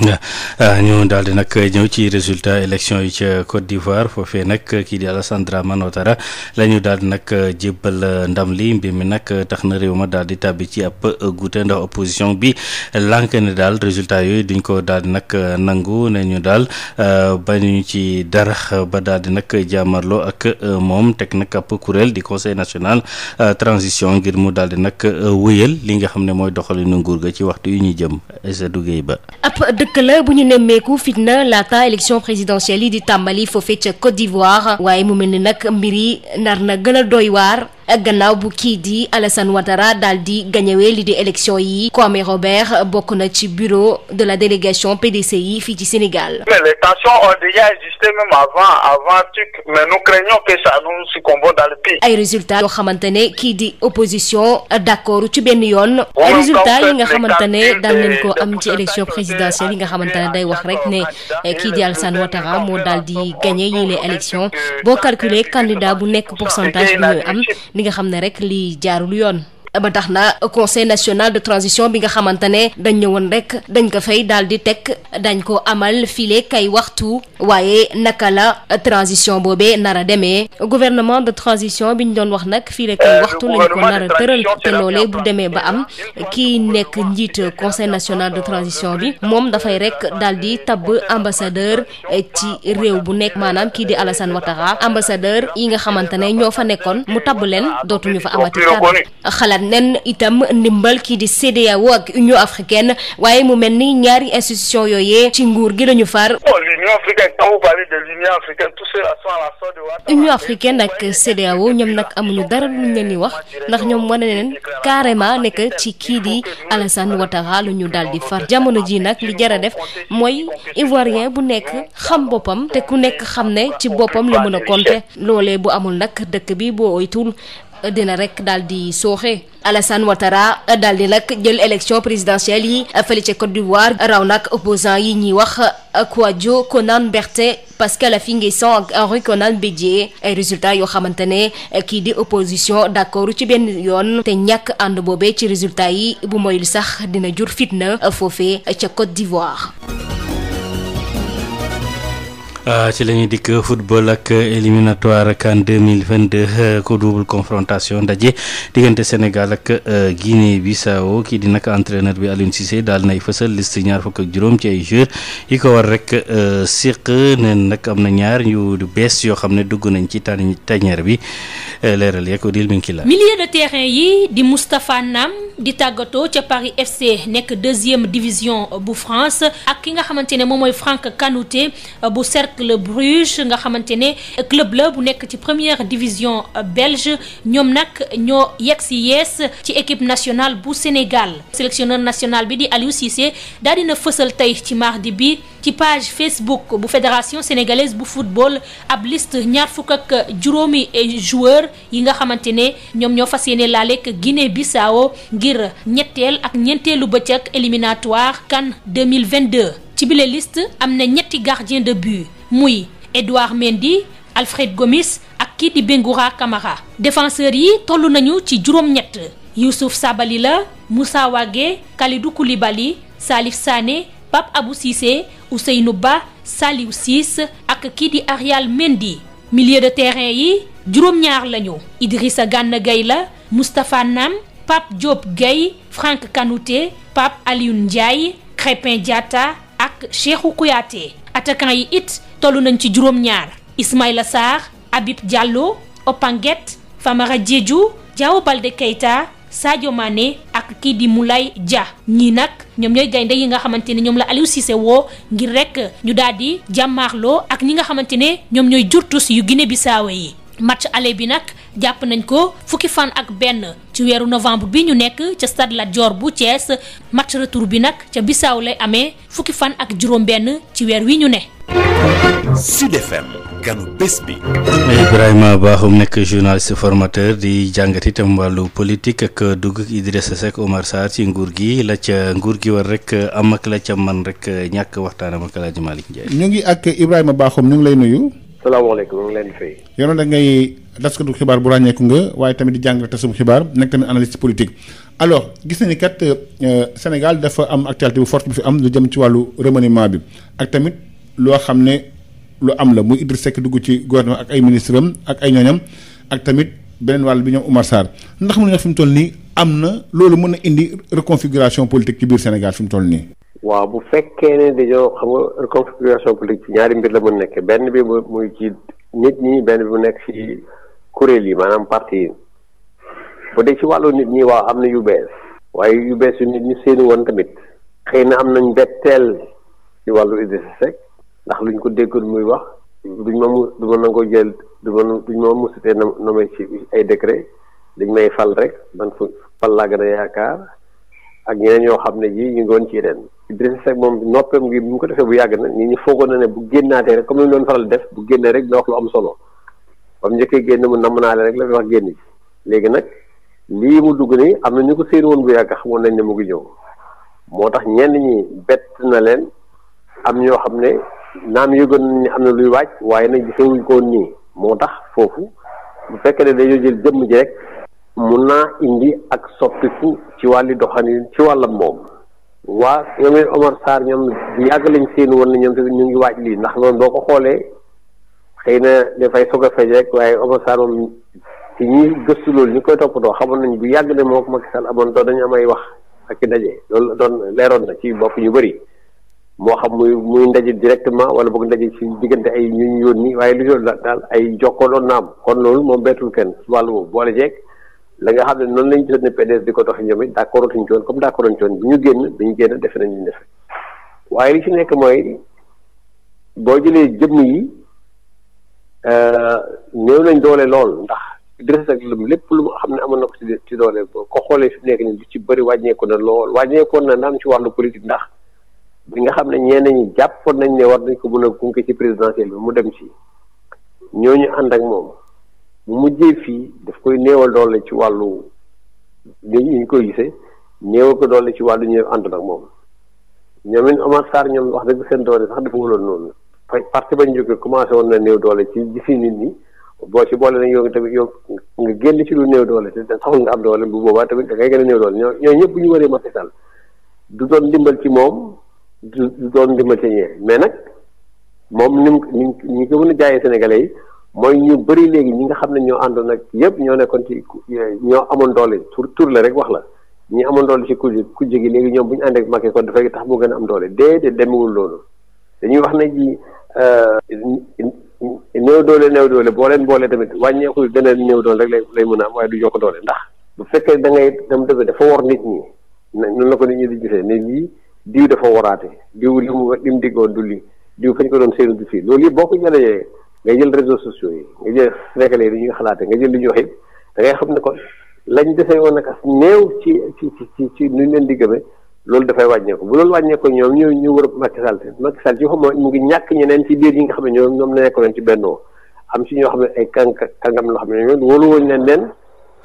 Euh, ñu daal di nag ñëw ci résultat élection yi ca Côte d'Ivoire foofee nag kii di Alassane Dramane Ouattara la ñu daal di nag jébbal ndam li mbir mi nag tax na réew ma daal di tàbbi ci ab guute ndax opposition bi lànk ne daal résultat yooyu duñ ko daal di nag nangu ne ñu daal euh, bañu ci dara ba daal di nag jaamarloo ak euh, moom teg nak ab kuréel di conseil national transition ngir mu daal di nag wëyal li nga xam ne mooy doxalinu nguur ga ci waxtu yu ñuy jëm sa duggéey ba dëkk bu ñu nemmeeku fitna laata élection présidentielle yi di tàmbali foofee ca Côte d'Ivoire waaye mu mel ni nag mbir yi nar na gën a doy waar gannaaw bu kii di Alassane Ouattara daal di gañewee li di élection yi Kwame Robert bokk na ci bureau de la délégation PDC yi fii ci Sénégal. mais les ay résultats yoo xamante ne kii di opposition d'accord ci benn yoon. résultats yi nga xamante ne daal nañ ko am ci élection présidentielle yi nga xamante ne day wax rek ne kii di Alassane Ouattara moo daal di gagné yile élection boo calculer candidat bu nekk pourcentage bi ñu am. li nga xam ne rek lii jaarul yoon ba tax na conseil national de transition bi nga xamante ne dañ ñëwoon rek dañ ko fay daal di teg dañ ko amal file kay waxtu waaye naka la transition boobee nar a demee gouvernement de transition bi ñu doon wax nag file kay waxtu lañ ko nar tëral te loolee bu demee ba am kii nekk njiit conseil national de transition bi moom dafay rek daal di tabb ambassadeur ci réew bu nekk maanaam kii di Alassane Ouattara ambassadeur yi nga xamante ne ñoo fa nekkoon mu tabb leen dootuñu fa amati nen itam ndimbal kii di CEDEAO ak Union africaine waaye mu mel ni ñaari institution yooyee ci nguur gi lañu ñu far. Oh, Union africaine ak CEDEAO ñoom nag amuñu dara luñ leen yi wax ndax ñoom wane neen carrément nekk ci kii di Alassane Ouattara lu ñu daal di far jamono ji nag li jar a def mooy ivoirien bu nekk xam boppam te ku nekk xam ne ci boppam la mën a compter bu amul nag dëkk bi boo oytul dina rek daal di sooxee Alassane Ouattara daal di nag jël élection présidentielle yi fële ca Côte d'Ivoire raw nag opposant yi ñuy wax Kouadio Konan Bertin Pascal Affi-N'Guessan ak Henri Konan Bédié ay résultats yoo xamante ne kii di opposition d'accord ci benn yoon te ñàkk ànd boobee ci résultat yi bu moyul sax dina jur fitna foofee ca Côte d'Ivoire. Euh, ci la ñuy dikk football ak éliminatoire CAN euh, ko double confrontation ndaje diggante Sénégal ak euh, Guinée Bissau kii di nag entraîneur bi Aliou Cissé daal nay fësal liste ñaar fukk ak juróom ci ay joueurs yi ko war rek siq neen nag am na ñaar yu bees yoo xam ne dugg nañ ci tànn tanière bi leeral yeeg Odile Minkila. milieu de terrain yi di Moustapha Nam di tàggatoo ca Paris FC nekk deuxième division bu France ak ki nga xamante ne moom mooy Franck Kanouté ak le Bruges nga xamante ne club la bu nekk ci première division euh, belge ñoom nag ñoo yegg si yees ci équipe nationale bu Sénégal sélectionneur national bi di Aliou Cissé daal dina fësal tey ci mardi bi ci page Facebook bu fédération sénégalaise bu football ab liste ñaar fukk ak juróomi joueurs yi nga xamante ne ñoom ñoo fas yéene laaleek Guinée Bissau ngir ñetteel ak ñeenteelu bëccëg éliminatoire CAN 2022 ci bile liste am na ñetti gardien de but muy Edouard Mendy Alfred Gomis ak kii di Bengoura Camara yi toll nañu ci juróom-ñett Youssouf Sabali la Moussa Wagué Kalidou Koulibaly Salif Sané Pape Abou Cissé Ousseynou Ba Saliou Ciss ak kii di Arial Mendy milieu de terrain yi juróom-ñaar lañu Idrissa Gana Gueye la Moustapha Nam Pape Diop Gueye Franck Kanouté Pape Alioune Ndiaye Crépin Diatta ak Cheikhou Kouyaté attaquant yi it toll nañ ci juróom-ñaar Ismaïla Sarr Habib Diallo Opanguet Famara Diédhiou Diao Baldé Keita Sadio Mané ak kii di Moulay Dia ñii nag ñoom ñooy gaynde yi nga xamante ne ñoom la Aliou woo ngir rek ñu daal di jàmmaarloo ak ñi nga xamante ne ñoom ñooy jurtus yu Guinée Bissau yi. match aller bi nag jàpp nañ ko fukki fan ak benn ci weeru novembre bi ñu nekk ca stade Lat Dior bu Thiès match retour bi nag ca Bissau lay amee fukki fan ak juróom-benn ci weer wi ñu ne. Sud FM. ganu bés bi. Ibrahima Bakhoum nekk journaliste formateur di jàngat itam wàllu politique ak dugg Idrissa Seck Omar Sarr ci nguur gi la ca nguur gi war rek am ak la ca man rek ñàkk waxtaan ak El Hadj Malick ñu ngi ak Ibrahima Bakhoum ñu ngi lay nuyu. salaamaaleykum ñu ngi leen di fay. yow nag ngay daskatu xibaar bu ràññeeku nga waaye tamit di jàngale tasum xibaar nekk tamit analyste politique alors gis nañu kat euh, Sénégal dafa am actualité bu fort bu fi am lu jëm ci wàllu remaniement bi ak tamit loo xam ne lu am la muy Idriss Seck dugg ci gouvernement ak ay ministre am ak ay ñooñam ak tamit beneen wàll bi ñoom Oumar Sarr ndax mu ne fi mu toll nii am na loolu mën a indi reconfiguration politique ci biir Sénégal fi mu toll nii. waaw bu fekkee ne dañoo xam nga reconfiguration politique ci ñaari mbir la mën nekkee benn bi muy ci nit ñi benn bi mu nekk ci kuréel yi maanaam parti yi bu dee ci wàllu nit ñi waaw am na yu bees waaye yu bees yu nit ñi seeni woon tamit xëy na am nañ betteel ci wàllu Idrissa Seck ndax luñ ko déggoon muy wax duñ ma mu du ma nangoo jël du ma duñ ma musutee na nomé ci ay décret dañ may fal rek man fu fal laa gën a yaakaar ak ñeneen ñoo xam ne ji ñu ngi woon ci yeneen Idrissa Seck moom noppam ngi bu mu ko defee bu yàgg na nit ñi foogoon na ne bu génnaatee rek comme ni mu doon faral def bu génnee rek na wax lu am solo ba mu njëkkee génn mu namm naale rek la fi génn léegi nag mu dugg am na ñu ko séen woon bu yàgg xamoon nañ ne mu ngi ñëw moo tax ñenn ñi bett na leen am ñoo xam ne naam yëgoon nañ ne am na luy waaj waaye nag gisewuñ ko nii moo tax foofu bu fekkee ne dañoo jël jëmm ji rek mun naa indi ak soppiku ci wàlli doxalin ci wàllam moom waa ñoom it Omar Sarr ñoom yàgg lañ seen woon na ñoom tamit ñu ngi waaj lii ndax loolu boo ko xoolee xëy na dafay soog a feeñ rek waaye Omar Sarr moom ci ñi gëstu loolu ñu koy toppatoo xamoon nañ bu yàgg ne moo ko Macky Sall amoon doon dañu am ay wax ak i daje loolu doon leeroon na ci bopp ñu bëri moo xam muy muy ndaje directement wala boog ndaje ci diggante ay ñu ñu yónni waaye lu loolu daal ay jokkoo doon na am kon loolu moom bettul kenn wàllu boobu boole jeeg la nga xam ne noonu lañ gisoon ne PDS di ko doxee ñoom it d' accord tuñ ci woon comme d' accord tuñ ci ñu génn dañu génn defe nañ ñu def waaye li ci nekk mooy boo jëlee jëmm yi euh, néew nañ doole lool ndax Idrissa ak lum lépp lu xam ne amoon na ko ci ci doole ko xoolee fi nekk ci bëri wàññeeku na lool wàññeekoon na naam ci wàllu politique ndax bi nga xam ne ñenn ñi jàppoon nañ ne war nañ ko mën a gunge ci présidentiel bi mu dem ci ñooñu ànd ak moom. bu mujjee fii daf koy néewal doole ci wàllu li ñu koy gisee néewal ko doole ci wàllu ñu ànd nag moom ñoom it Omar Sarr ñoom wax dëgg seen doole sax dafa wóoloon noonu fay parti bañ jóge commencé woon na néew doole ci gisi nit ñi boo ci boole nag yow tamit yow nga génn ci lu néew doole te taxul nga am doole bu boobaa tamit da ngay gën a néew doole ñoo ñu waree Macky du doon dimbal ci moom du doon dimbal ci mais nag moom ni ñu ko mën jaaye jaayee mooy ñu bëri léegi ñi nga xam ne ñoo àndoon nag yëpp ñoo nekkoon ci eh, ñoo amoon doole tur tur la rek wax la ñi amoon doole ci kujje kujje gi léegi ñoom bu ñu ànd ak Macky kon dafay tax mu gën a am doole déedéet demewul loolu dañuy wax ne ji eh, néew doole néew doole boo leen boolee tamit wàññeekul gën a rek lay lay mën a am waaye du yokk doole ndax bu fekkee dangay ngay dem dëgg dafa war nit ñi noonu la ko nit ñi di gisee nit ñi diw dafa waraate diw li mu li mu diggoon du lii diw fañ ko doon séenu du fii loolu yëpp boo ko jëlee nga jël réseaux sociaux yi nga jël sénégalais yi ñuy xalaate nga jël li ñuy wax yëpp da ngay xam ne kon lañ desee woon nag as néew ci ci ci ci nuñ leen di gëmee loolu dafay wàññeeku bu loolu wàññeeku ñoom ñu ñu war a Macky Sall Macky Sall ci mu ngi ñàkk ñeneen ci biir yi nga xam ne ñoom ñoom la nekkoon ci bennoo am ci ñoo xam ne ay kànk kàngam loo xam ne ñoom wóolu woon leen leen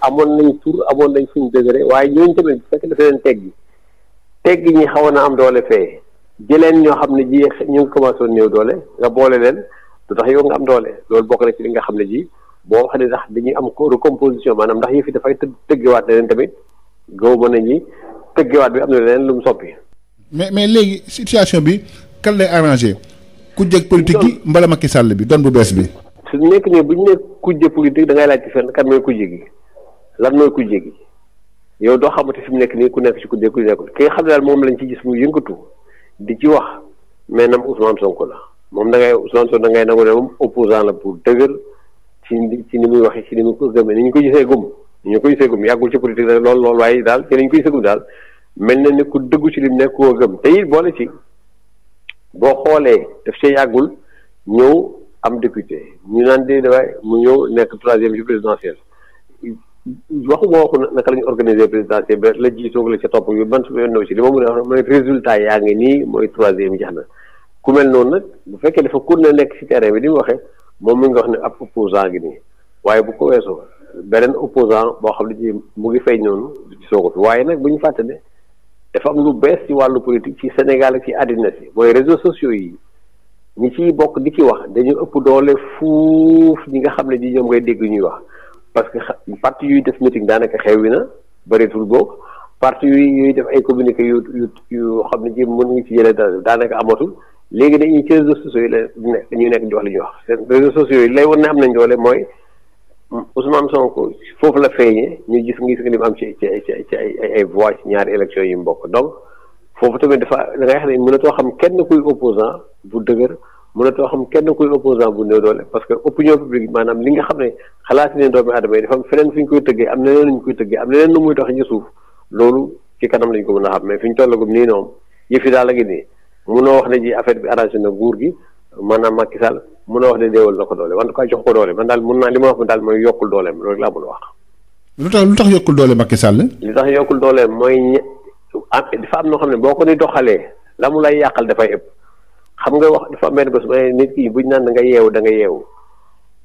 amoon nañ tur amoon nañ suñu degré waaye ñooñu tamit bu dafa leen teggi teggi ñi xawoon na am doole fee jëleen ñoo xam ne ji ñu commencé woon néew doole nga boole leen du tax yow nga am doole loolu bokk na ci li nga xam ne jii boo xam ne sax dañuy am recomposition maanaam ndax yëf yi dafay të tëggewaat leneen tamit gaw mën nañ ñi waat bi am na leen lu mu soppi. mais mais léegi situation bi kan lay arrangé. ku jëg politique gi mbala Macky Sall bi doon bu bees bi. su nekk nii bu ñu nekk kujje politique da ngay laaj ci fenn kan mooy kujje gi lan mooy kujje gi yow doo xamante fi mu nekk nii ku nekk ci kujje ku nekkul ki nga moom lañ ci gis mu yëngatu di ci wax mais nam Ousmane Sonko la. moom da ngay Ousmane Sonko da ngay nangu ne moom opposant la pour dëgër ci ci ni muy waxee ci ni mu ko gëmee ni ñu ko gisee gum ni ñu ko gisee gum yàggul ci politique rek lool lool waaye daal ci ni ñu ko gisee gum daal mel na ni ku dëggu ci lim nekk koo gëm te it boole ci boo xoolee daf see yàggul ñëw am député ñu naan dee waaye mu ñëw nekk troisième ci présidentielle waxu ma waxu naka la ñu organiser présidentielle bi la jiitoog la ca topp bi ban su ma yónnee aussi wax mooy résultat yaa ngi nii mooy troisième jax ku mel noonu nag bu fekkee dafa kur ne nekk ci teree bi ni mu waxee moom mi ngi wax ne ab opposant gi nii waaye bu ko weesoo beneen opposant boo xam ne ci mu ngi feeñ noonu gisoo waaye nag bu ñu fàtte ne lu bees ci wàllu politique ci Sénégal ak ci àddina si mooy réseaux sociaux yi ñi ciy bokk di wax dañu ëpp doole fuuf ñi nga xam ne di ñoom ngay dégg ñuy wax parce que parti yuy def meeting daanaka xew na bëreetul boo parti yuy yuy def ay communiqué yu yu xam ne ji mën ngi ci jëlee daanaka amatul léegi dañuy ci réseaux sociaux ñu nekk jox wax li ñuy wax réseaux sociaux yi lay woon ne am nañ doole mooy Ousmane Sonko foofu la feeñee ñu gis ngi gis li mu am ci ci ci ay ay voix ci ñaari élection yi mu bokk donc foofu dafa da ngay xam ne xam kenn kuy opposant bu dëgër mënatoo xam kenn kuy opposant bu néew doole parce que opinion publique maanaam li nga xam ne xalaat ne doomi aadama yi dafa am fu ñu koy tëggee am na leneen ñu koy tëggee am na leneen nu muy dox ci suuf loolu ci kanam lañ ko mun a xam mais fu ñu toll ko tollagum nii noom yëf yi daal la munoo wax ne ji affaire bi arrangé na guur gi maanaam Macky Sall munoo wax ne deewal na ko doole en tout cas jox ko doole man daal mun naa li ma wax daal mooy yokkul dooleem a wax. lu tax lu tax yokkul doole Macky Sall. li tax yokkul dooleem mooy ñe ah, dafa am noo xam ne boo ko ni doxalee la mu lay yàqal dafay ëpp xam nga wax dafa am benn bés ba nit ki buñ naan da nga yeewu da nga yeewu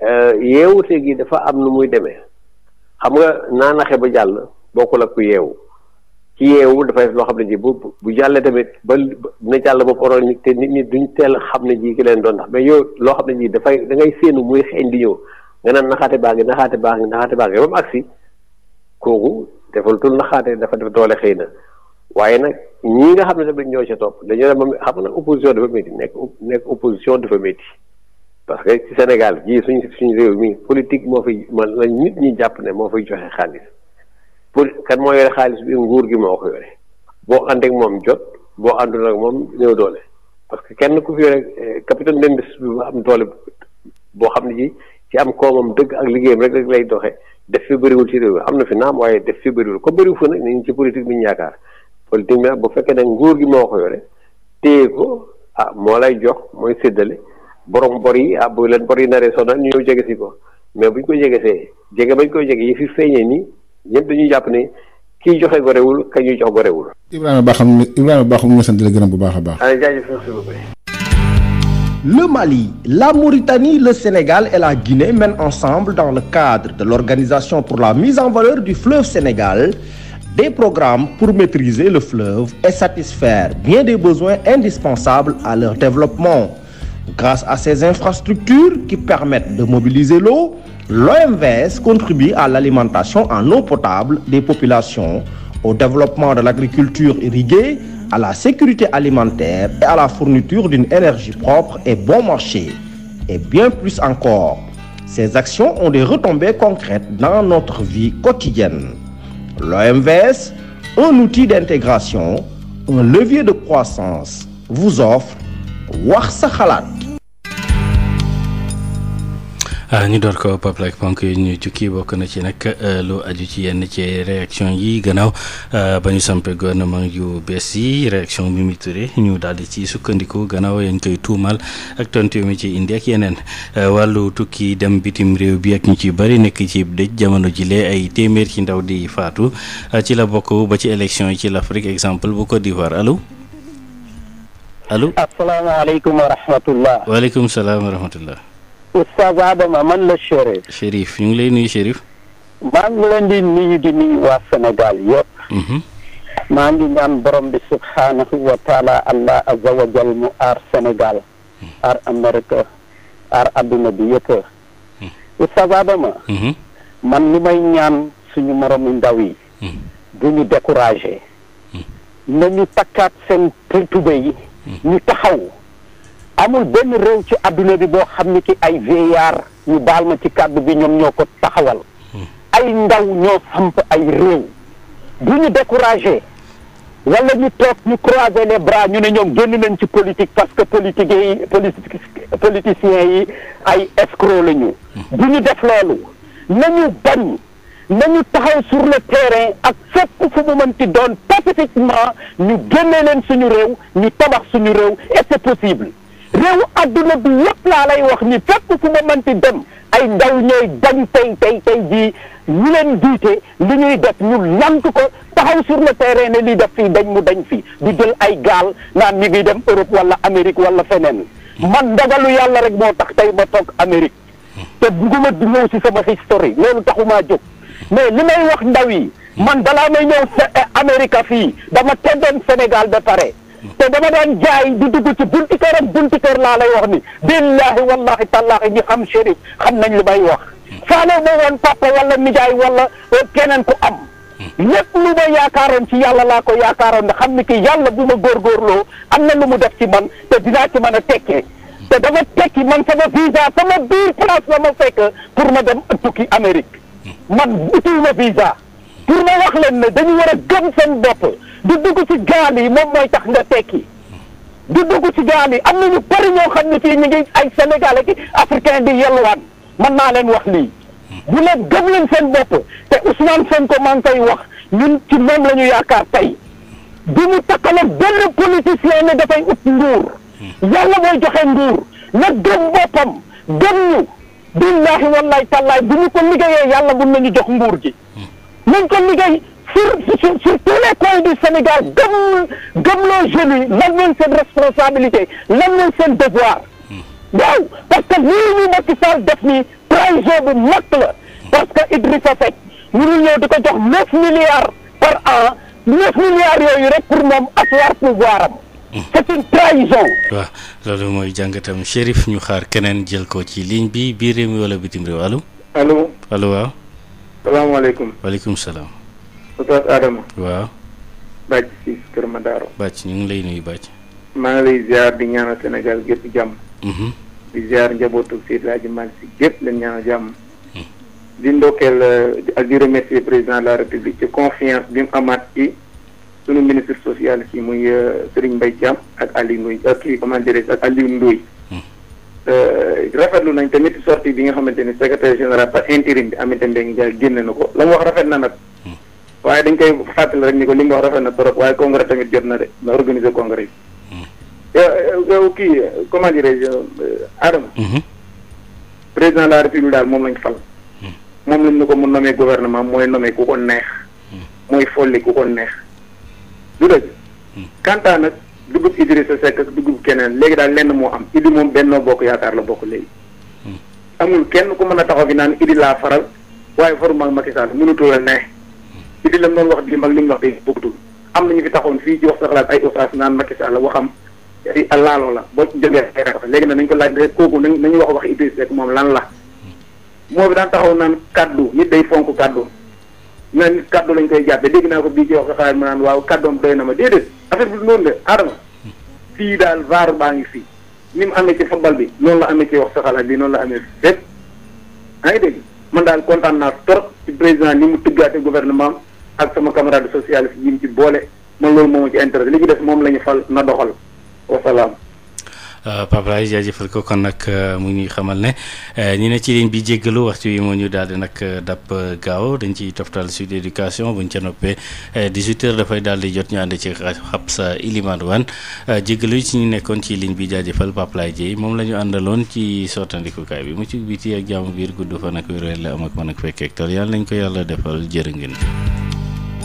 euh, yeewute gi dafa am nu muy demee xam nga naa naxe ba jàll bokkul ak ku yeewu. ci yeewu dafay loo xam ne ji bu bu jàllee tamit ba dina jàll ba poroon ni te nit ñi duñ teel xam ne ji ki leen doon ndax mais yow loo xam ne ji dafay da ngay séenu muy xeeñ di ñëw nga ngi naxaate baa ngi naxaate baa ngi ba mu agsi kooku defal dafa def doole xëy na waaye nag ñii nga xam ne tamit ñoo ca topp dañoo dem ba xam na opposition dafa métti nekk nekk opposition dafa métti parce que ci Sénégal jii suñ suñu réew mi politique moo fi man la nit ñi jàpp ne moo fay joxe xaalis pour kan moo yore xaalis bi nguur gi moo ko yore boo ànd moom jot boo àndul ak moom néew doole parce que kenn ku fi yore eh, capitaine d'industrie bu am doole boo xam ne ji ci am koomam dëgg ak liggéeyam rek rek lay doxe def fi bëriwul ci réew mi am na fi naam waaye def fi bëriwul ko bëriwul fa nag nañ ci politique bi ñu yaakaar politique bi nag bu fekkee nag nguur gi moo ko yore téye ko ah moo lay jox mooy séddale borom bor yi ah bu leen bor yi nare sonal ñu ñëw jege ko mais buñ ko jegesee jege bañ koy jege yi fi feeñee nii ñëpp dañuy jàpp ne kiy joxe gorewul ka ñuy jox gorewul. Ibrahima Ba xam Ibrahima Ba xam bu baax a baax. allez jaajëf merci beaucoup. Le Mali, la Mauritanie, le Sénégal et la Guinée mènent ensemble dans le cadre de l'Organisation pour la mise en valeur du fleuve Sénégal des programmes pour maîtriser le fleuve et satisfaire bien des besoins indispensables à leur développement. Grâce à ces infrastructures qui permettent de mobiliser l'eau, L'OMVS contribue à l'alimentation en eau potable des populations, au développement de l'agriculture irriguée, à la sécurité alimentaire et à la fourniture d'une énergie propre et bon marché. Et bien plus encore, ces actions ont des retombées concrètes dans notre vie quotidienne. L'OMVS, un outil d'intégration, un levier de croissance, vous offre Wax sa Ah, ñu door ko Pape Alé ponk yi ñu jukki bokk na ci nag eh, lu aju ci yenn ci réaction yi gannaaw eh, ba ñu sampé gouvernement yu bees yi réaction Mimi Touré ñu daal di ci sukkandiku gannaaw yéen koy tuumal ak tontu mi ci indi ak yeneen eh, wàllu tukki dem bitim réew bi ak ñu ci bari nekk ci dëj jamono jile ay téeméer ci ndaw di faatu ci la bokk ba ci élection yi ci l'Afrique exemple bu Côte d'Ivoire allo allo. asalaamaaleykum waaleykum salaam wa Oustaz Adama man la Chérif. Chérif ñu ngi lay nuyu Chérif. maa ngi leen nuyu di waa Sénégal yëpp. Mhm. maa ngi ñaan borom bi subhaanahu wa taala allah azza wa jal mu aar Sénégal. aar Amérique aar adduna bi yëpp. Mhm. Oustaz Adama. Mhm. man li may ñaan suñu moromu ndaw yi. du ñu découragé. nañu takkaat seen tubéy yi. ñu taxaw. amul benn réew ci adduna bi boo xam ni ki ay vieillard ñu baal ma ci kàddu bi ñoom ñoo ko taxawal ay ndaw ñoo samp ay réew du ñu découragé wala ñu toog ñu croiser les bras ñu ne ñoom génn nañ ci politique parce que politique yi politiciens yi ay escroc la ñu du ñu def loolu nañu bañ nañu taxaw sur le terrain ak fépp fu mu mënti doon pacifiquement ñu génne leen suñu réew ñu tabax suñu réew et c'est possible réew adduna bi yëpp laa lay wax ni fépp fu ma mënti dem ay ndaw ñooy dañ tey tey tey jii ñu leen jiite li ñuy def ñu lank ko taxaw sur le terrain ne lii def fii dañ mu dañ fii di jël ay gaal naan mi ngi dem Europe wala Amérique wala feneen man dagalu yàlla rek moo tax tey ma toog Amérique te bugguma di ñëw si sama history loolu taxumaa jóg mais li may wax ndaw yi man balaa may ñëw Amérique fii dama teddoon Sénégal ba pare te dama daan jaay di dugg ci bunti kër ak bunti kër laa lay wax ni billaahi wallaahi tallaahi ñi xam Chérif xam nañ li may wax faale ma woon papa wala nijaay wala keneen ku am lépp lu ma yaakaaroon ci yàlla laa ko yaakaaroon ne xam ni ki yàlla bu ma góorgóorloo am na lu mu def ci man te dinaa ci man a tekkee te dafa tekki man sama visa sama biir place la ma fekk pour ma dem tukki Amérique man utul ma visa pour ma wax len ne dañu war a gëm seen bopp du dugg ci gaal yi moom mooy tax nga tekki du dugg ci gaal yi am na ñu bëri ñoo xam ne fii ñu ngi ay sénégalais ki africain di yelluwaan man naa leen wax lii bu leen gëm leen seen bopp te Ousmane Sonko maa ngi koy wax ñun ci moom la yaakaar tey bi mu takkale benn politicien ne dafay ut nguur yàlla mooy joxe nguur na gëm boppam gëm ñu billaahi wallaay tàllaay bu ñu ko liggéeyee yàlla mun nañu jox nguur gi nañ ko liggéey sur, sur, sur, tous les coins du Sénégal, comme, comme nos jeunes, l'amener cette responsabilité, l'amener ce devoir. Hmm. waaw parce que lii ñu Macky Sall def nii trahison bu mag la parce que Idrissa Seck mënul ñëw di ko jox neuf par an neuf yooyu rek pour moom asseoir pouvoir am. Hmm. c'est une trahison. waaw loolu mooy jàngatam Chérif ñu xaar keneen jël ko ci ligne bi biir réew mi wala bitim réew allo. allo allo waaw. salaamaaleykum. waaleykum salaam. Oustaz Adama. waaw. Bàcc si Kër Madaro. Bàcc ñu ngi lay nuyu Bàcc. maa ngi lay ziar di ñaanal Sénégal gépp jàmm. Mm-hmm. di ziar njabootu Seydi El Hadji jàmm. Mm. di ndokkeel ak di remercier président de la république ci confiance bi mu amaat ci sunu ministre social yi muy euh, Serigne Mbaye Thiam ak Aliou Ndoye ak kii comment dirais ak Aliou Ndoye. Mm. Euh, rafetlu nañ tamit sortie bi nga xamante ni secrétaire général par intérim bi Aminata Mbengue Ndiaye génne na ko la mu wax rafet na nag. waaye dañ koy fàttali rek ni ko li nga wax rafet na trop waaye congrès tamit jot na de na organiser congrès bi. Hmm. yow kii comment dirais je euh, Adama. Hmm. président de la république daal moom lañ fal. Hmm. moom lañ ne ko mu nommé gouvernement mooy nommé ku ko neex. mooy folli ku ko neex. lu dëgg. Kantaa nag dugub Idrissa Seck ak dugub keneen léegi daal lenn moo am Idi moom Benno Bokk Yaakaar la bokk léegi. amul kenn ku mën a taxaw fi naan Idi laa faral waaye faru maag Macky Sall mënatoo neex. ci di lam doon wax dimbal li ñu wax di bokkutul am nañu fi taxoon fii ci wax sa xalaat ay ustaas naan Macky Sall waxam ay laaloo la boo ci jógee ay rek léegi nag nañu ko laaj rek kooku nañu wax wax Idriss rek moom lan la moo bi daan taxaw naan kaddu nit day fonk kaddu na nit kaddu lañ koy jàppee dégg naa ko bii ci wax sa xalaat ma naan waaw kaddoom doy na ma déedéet affaire bi noonu de Adama fii daal vaar baa ngi fii ni mu amee ci football bi noonu la amee ci wax sa xalaat bi noonu la amee fépp maa ngi dégg man daal kontaan naa trop ci président ni mu tëggaate gouvernement ak sama camarade socialiste boole man loolu moom ci intérêt li ci des moom la fal na doxal wasalaam. Euh, Pape Laye jaajëfal ko kon nag euh, mu ñuy xamal ne euh, ñu ne ci ligne bi jéggalu waxtu yi moo ñu daal di nag dàpp gaaw dañ ciy toftal sud éducation buñ ca noppee 18h dafay daal di jot ñu ànd ci xab sa Ilimane Wane jéggalu ci ñu nekkoon ci ligne bi jaajëfal Pape Laye Dieye moom lañu àndaloon ci sottandikukaay bi mu ci biti ak jàmm biir gudd fan ak wér la am ak mën ak fekkeek tal yàlla ko yàlla defal jërë ngeen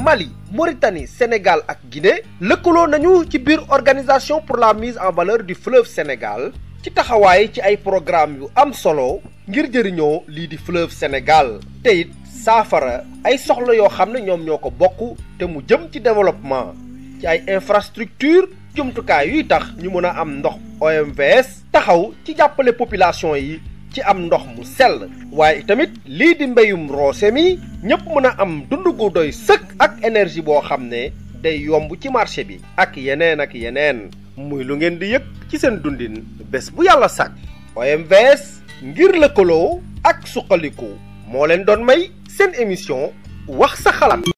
Mali Mauritanie Sénégal ak Guinée lëkkaloo nañu ci biir organisation pour la mise en valeur di fleuve Sénégal ci taxawaay ci ay programme yu am solo ngir jëriñoo lii di fleuve Sénégal te saafara ay soxla yoo xam ne ñoom ñoo ko bokk te mu jëm ci développement ci ay infrastructure jumtukaay yuy tax ñu mën a am ndox OMVS taxaw ci jàppale population yi ci am ndox mu sell waaye tamit lii di mbéyum roose mi ñëpp mën a am dund gu doy sëkk ak énergie boo xam ne day yomb ci marché bi ak yeneen ak yeneen muy lu ngeen di yëg ci seen dundin bés bu yàlla sàkk OMVS ngir lëkkaloo ak suqaliku moo leen doon may seen émission wax sa xalaat